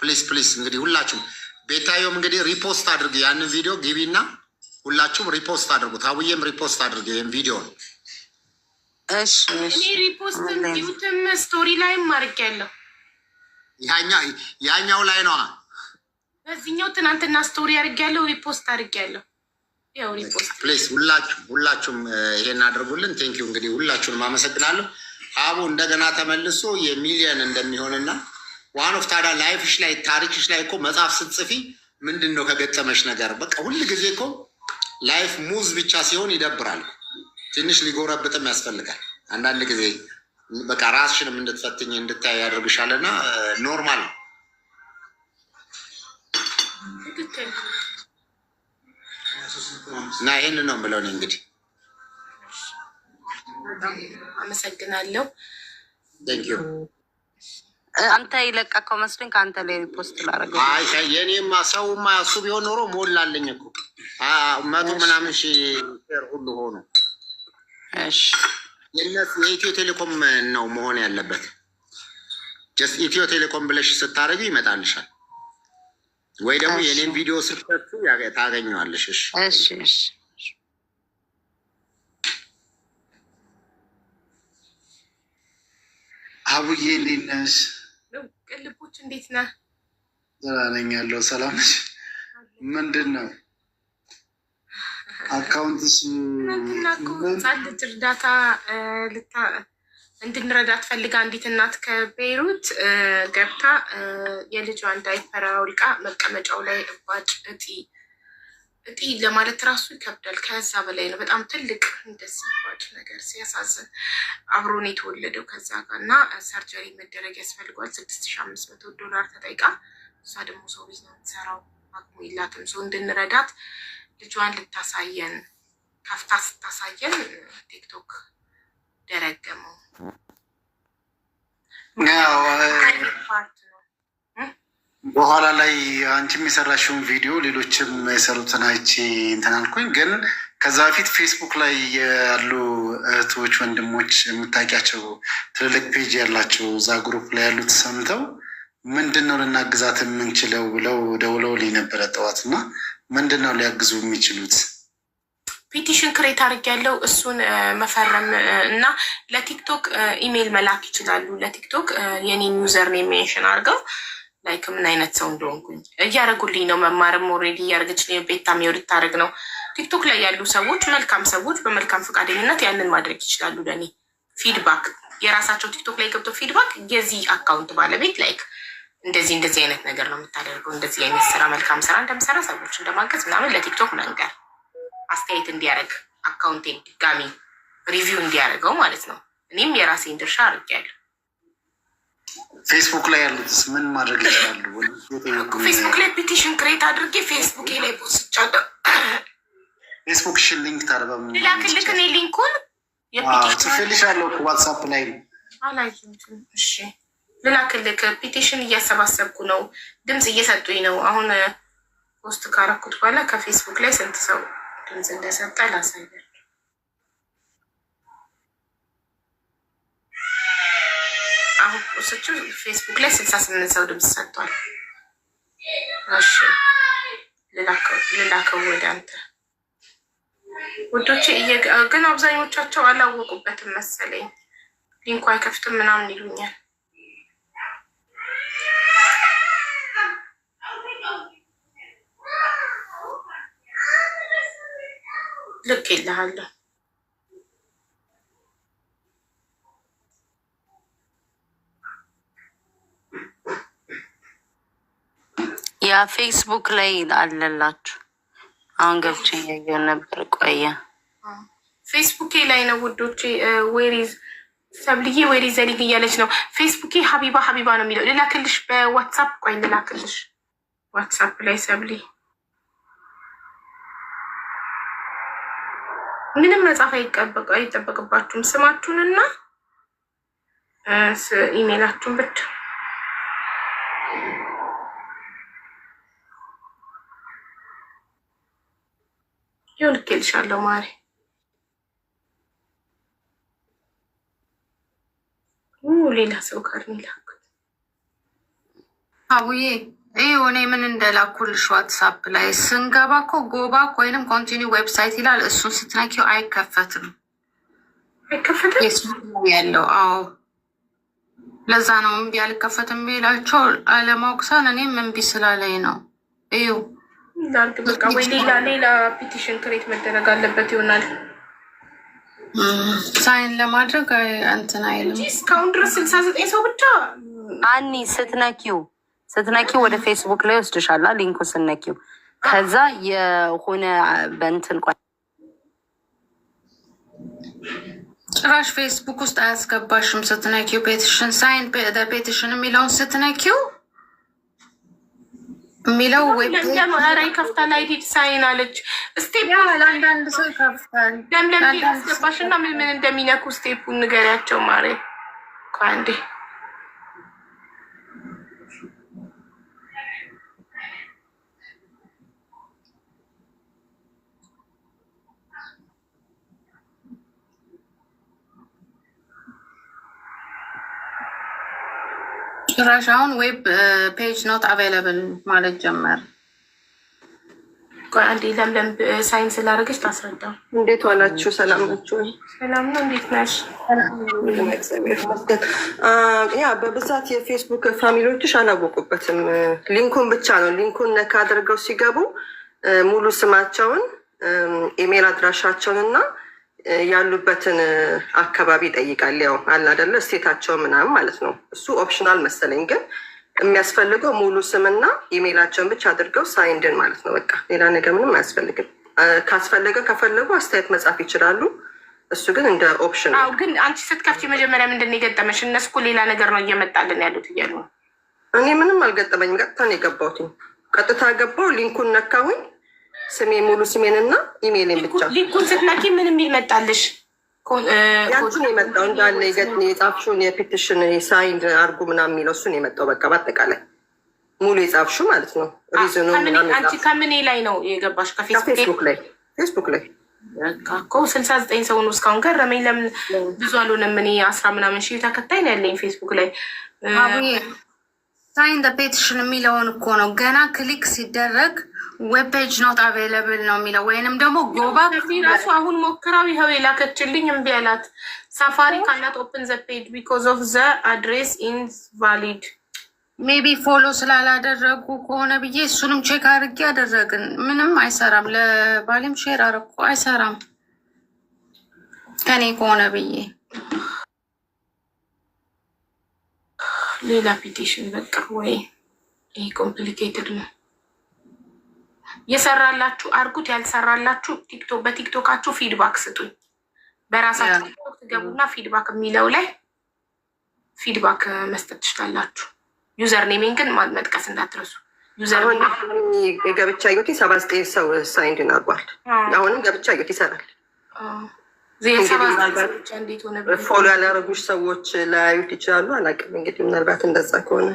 ፕሊስ ፕሊስ እንግዲህ ሁላችሁም ቤታዮም እንግዲህ ሪፖስት አድርግ ያንን ቪዲዮ ጊቢና ሁላችሁም ሪፖስት አድርጉት። አቡዬም ሪፖስት አድርግ ይህም ቪዲዮ እኔ ሪፖስት ስቶሪ ላይም ያኛው ላይ ነዋ። በዚህኛው ትናንትና ስቶሪ አድርግ ያለው ሪፖስት አድርግ ያለው ፕሌስ ሁላችሁም ሁላችሁም ይሄን አድርጉልን። ቴንኪዩ እንግዲህ ሁላችሁንም አመሰግናለሁ። አቡ እንደገና ተመልሶ የሚሊየን እንደሚሆንና ዋን ኦፍ ታዲያ ላይፍሽ ላይ ታሪክሽ ላይ እኮ መጽሐፍ ስትጽፊ ምንድን ነው ከገጠመሽ ነገር በቃ ሁል ጊዜ እኮ ላይፍ ሙዝ ብቻ ሲሆን ይደብራል። ትንሽ ሊጎረብጥም ያስፈልጋል። አንዳንድ ጊዜ በቃ ራስሽንም እንድትፈትኝ እንድታይ ያደርግሻል እና ኖርማል ነው። እና ይህን ነው የምለው እንግዲህ አመሰግናለሁ። አንተ ይለቀቀው መስሎኝ ከአንተ ላይ ሪፖስት ላደረገው። የኔማ ሰው እሱ ቢሆን ኖሮ ሞላለኝ እኮ መቶ ምናምን ሺ ር ሁሉ ሆኖ የኢትዮ ቴሌኮም ነው መሆን ያለበት። ኢትዮ ቴሌኮም ብለሽ ስታደረጊ ይመጣልሻል፣ ወይ ደግሞ የኔን ቪዲዮ ስርከቱ ታገኘዋለሽ። እሺ እሺ አቡዬ እንዴት ነሽ? ቅልቦች እንዴት ነ? ደህና ነኝ ያለው ሰላም። ምንድን ነው አካውንትስ? ህጻን ልጅ እርዳታ እንድንረዳ ትፈልጋ አንዲት እናት ከቤይሩት ገብታ የልጇን ዳይፐር አውልቃ መቀመጫው ላይ እባጭ እጢ እጢ ለማለት ራሱ ይከብዳል። ከዛ በላይ ነው። በጣም ትልቅ እንደሲባጭ ነገር ሲያሳዝን፣ አብሮን የተወለደው ከዛ ጋር እና ሰርጀሪ መደረግ ያስፈልጓል። ስድስት ሺ አምስት መቶ ዶላር ተጠይቃ፣ እሷ ደግሞ ሰው ቤት ነው የምትሰራው፣ አቅሙ የላትም። ሰው እንድንረዳት ልጇን ልታሳየን ከፍታ ስታሳየን ቲክቶክ ደረገመው በኋላ ላይ አንቺም የሰራሽውን ቪዲዮ ሌሎችም የሰሩትን አይቼ እንትን አልኩኝ። ግን ከዛ በፊት ፌስቡክ ላይ ያሉ እህቶች፣ ወንድሞች የምታውቂያቸው ትልልቅ ፔጅ ያላቸው እዛ ግሩፕ ላይ ያሉት ሰምተው ምንድን ነው ልናግዛት የምንችለው ብለው ደውለው ልኝ ነበረ ጠዋት እና ምንድን ነው ሊያግዙ የሚችሉት? ፒቲሽን ክሬት ያለው እሱን መፈረም እና ለቲክቶክ ኢሜይል መላክ ይችላሉ። ለቲክቶክ የኔን ዩዘር ኔም ሜንሽን አድርገው ላይክ ምን አይነት ሰው እንደሆንኩኝ እያደረጉልኝ ነው። መማርም ኦልሬዲ እያደረገች ቤታም የወድ ታደረግ ነው። ቲክቶክ ላይ ያሉ ሰዎች መልካም ሰዎች በመልካም ፈቃደኝነት ያንን ማድረግ ይችላሉ። ለእኔ ፊድባክ የራሳቸው ቲክቶክ ላይ ገብተው ፊድባክ የዚህ አካውንት ባለቤት ላይክ እንደዚህ እንደዚህ አይነት ነገር ነው የምታደርገው፣ እንደዚህ አይነት ስራ መልካም ስራ እንደምሰራ ሰዎች እንደማገዝ ምናምን ለቲክቶክ መንገር አስተያየት እንዲያደርግ አካውንቴን ድጋሚ ሪቪው እንዲያደርገው ማለት ነው። እኔም የራሴን ድርሻ አድርጌያለሁ። ፌስቡክ ላይ ያሉትስ ምን ማድረግ ይችላሉ? ፌስቡክ ላይ ፒቲሽን ክሬት አድርጌ ፌስቡክ ላይ ፖስቻለሁ። ፌስቡክ ሽን ሊንክ ታርበም ላክልክ ኔ ሊንኩን ጽፌልሻለሁ ዋትሳፕ ላይ እሺ ልላክልክ። ፒቲሽን እያሰባሰብኩ ነው፣ ድምፅ እየሰጡኝ ነው። አሁን ፖስት ካረኩት በኋላ ከፌስቡክ ላይ ስንት ሰው ድምፅ እንደሰጠ ላሳያል። የፖስተችው ፌስቡክ ላይ ስልሳ ስምንት ሰው ድምፅ ሰጥቷል። እሺ ልላከው ወደ አንተ ውዶቼ። ግን አብዛኞቻቸው አላወቁበትም መሰለኝ ሊንኩ አይከፍትም ምናምን ይሉኛል። ልክ ይልሃለሁ ያ ፌስቡክ ላይ አለላችሁ። አሁን ገብቼ እያየሁ ነበር። ቆየ ፌስቡኬ ላይ ነው ውዶቼ። ዌሪዝ ሰብልዬ ዌሪዝ ዘሊግ እያለች ነው። ፌስቡኬ ሀቢባ ሀቢባ ነው የሚለው። ልላክልሽ በዋትሳፕ ቆይ፣ ልላክልሽ ዋትሳፕ ላይ ሰብሊ። ምንም መጻፍ አይጠበቅባችሁም። ስማችሁንና ኢሜይላችሁን ብቻ ይኸው ልኬልሻለሁ ማሬ። ሌላ ሰው ጋር ሚላኩት አቡዬ ይኸው እኔ ምን እንደላኩልሽ ዋትሳፕ ላይ ስንገባ እኮ ጎባክ ወይንም ኮንቲኒው ዌብሳይት ይላል። እሱን ስትነኪው አይከፈትም። አይከፈትም የሱ ያለው አዎ ለዛ ነው እምቢ አልከፈትም የሚላቸው አለማወቅ እኔም እምቢ ስላለኝ ነው እዩ ላርግ በቃ ወይ ሌላ ሌላ ፒቲሽን ክሬት መደረግ አለበት ይሆናል። ሳይን ለማድረግ እንትን አይልም። እስካሁን ድረስ ስልሳ ዘጠኝ ሰው ብቻ አኒ ስትነኪው ስትነኪው ወደ ፌስቡክ ላይ ወስድሻላ ሊንኩ ስትነኪው ከዛ የሆነ በንትን ቋ ጭራሽ ፌስቡክ ውስጥ አያስገባሽም ስትነኪው ፔቲሽን ሳይን ፔቲሽን የሚለውን ስትነኪው የሚለው ወይምለምረ ይከፍታል። አይዲድ ሳይን አለች። ስቴፕል አንዳንድ ሰው ይከፍታል። ለምለም አስገባሽ እና ምን ምን እንደሚነኩ ስቴፑን ንገሪያቸው ማሬ ከአንዴ ጭራሽ አሁን ዌብ ፔጅ ኖት አቬይላብል ማለት ጀመር። አንዴ ለምለም ሳይንስ ስላደረገች ታስረዳው። እንዴት ዋላችሁ? ሰላም ናችሁ? ሰላም ነው። እንዴት ነሽ? ያ በብዛት የፌስቡክ ፋሚሊዎችሽ አላወቁበትም። ሊንኩን ብቻ ነው። ሊንኩን ነካ አድርገው ሲገቡ ሙሉ ስማቸውን፣ ኢሜል አድራሻቸውን እና ያሉበትን አካባቢ ይጠይቃል። ያው አለ አይደለ ስቴታቸው ምናምን ማለት ነው። እሱ ኦፕሽናል መሰለኝ፣ ግን የሚያስፈልገው ሙሉ ስምና ኢሜይላቸውን ብቻ አድርገው ሳይንድን ማለት ነው። በቃ ሌላ ነገር ምንም አያስፈልግም። ካስፈለገ ከፈለጉ አስተያየት መጻፍ ይችላሉ። እሱ ግን እንደ ኦፕሽን ነው። ግን አንቺ ስትከፍቺ መጀመሪያ ምንድን የገጠመሽ? እነሱ ሌላ ነገር ነው እየመጣልን ያሉት እያሉ እኔ ምንም አልገጠመኝም። ቀጥታ ነው የገባሁት። ቀጥታ ገባው ሊንኩን ነካሁኝ ስሜ ሙሉ ስሜንና ኢሜይልን ብቻ ሊንኩን ስትነኪ ምን የሚል መጣልሽ? ያችን የመጣው እንዳለ ይገጥ የጻፍሽውን የፔቲሽን ሳይን አርጉ ምናምን የሚለው እሱን የመጣው በቃ በአጠቃላይ ሙሉ የጻፍሹ ማለት ነው። ሪዝኑ ከምኔ ላይ ነው የገባሽ? ከፌስቡክ ላይ ፌስቡክ ላይ እኮ ስልሳ ዘጠኝ ሰው ነው እስካሁን ገረመኝ። ለምን ብዙ አልሆነም? እኔ አስራ ምናምን ሺህ ተከታይ ነው ያለኝ ፌስቡክ ላይ ሳይን ፔቲሽን የሚለውን እኮ ነው ገና ክሊክ ሲደረግ ዌብ ፔጅ ኖት አቬለብል ነው የሚለው ወይንም ደግሞ ጎባ ራሱ አሁን ሞክራው ይኸው የላከችልኝ እምቢ አላት። ሳፋሪ ካናት ኦፕን ዘ ፔጅ ቢኮዝ ኦፍ ዘ አድሬስ ቫሊድ ሜቢ ፎሎ ስላላደረጉ ከሆነ ብዬ እሱንም ቼክ አድርጌ አደረግን። ምንም አይሰራም። ለባሌም ሼር አረኩ አይሰራም ከኔ ከሆነ ብዬ ሌላ ፒቲሽን በቃ ወይ ይሄ ኮምፕሊኬትድ ነው። የሰራላችሁ አርጉት፣ ያልሰራላችሁ በቲክቶካችሁ ፊድባክ ስጡኝ። በራሳችሁ ቲክቶክ ትገቡና ፊድባክ የሚለው ላይ ፊድባክ መስጠት ትችላላችሁ። ዩዘር ኔሜን ግን መጥቀስ እንዳትረሱ። ገብቻ ዮቴ ሰባ ዘጠኝ ሰው ሳይንድን አርጓል። አሁንም ገብቻ ዮቴ ይሰራል። ፎሎ ያላረጉሽ ሰዎች ላያዩት ይችላሉ። አላውቅም እንግዲህ ምናልባት እንደዛ ከሆነ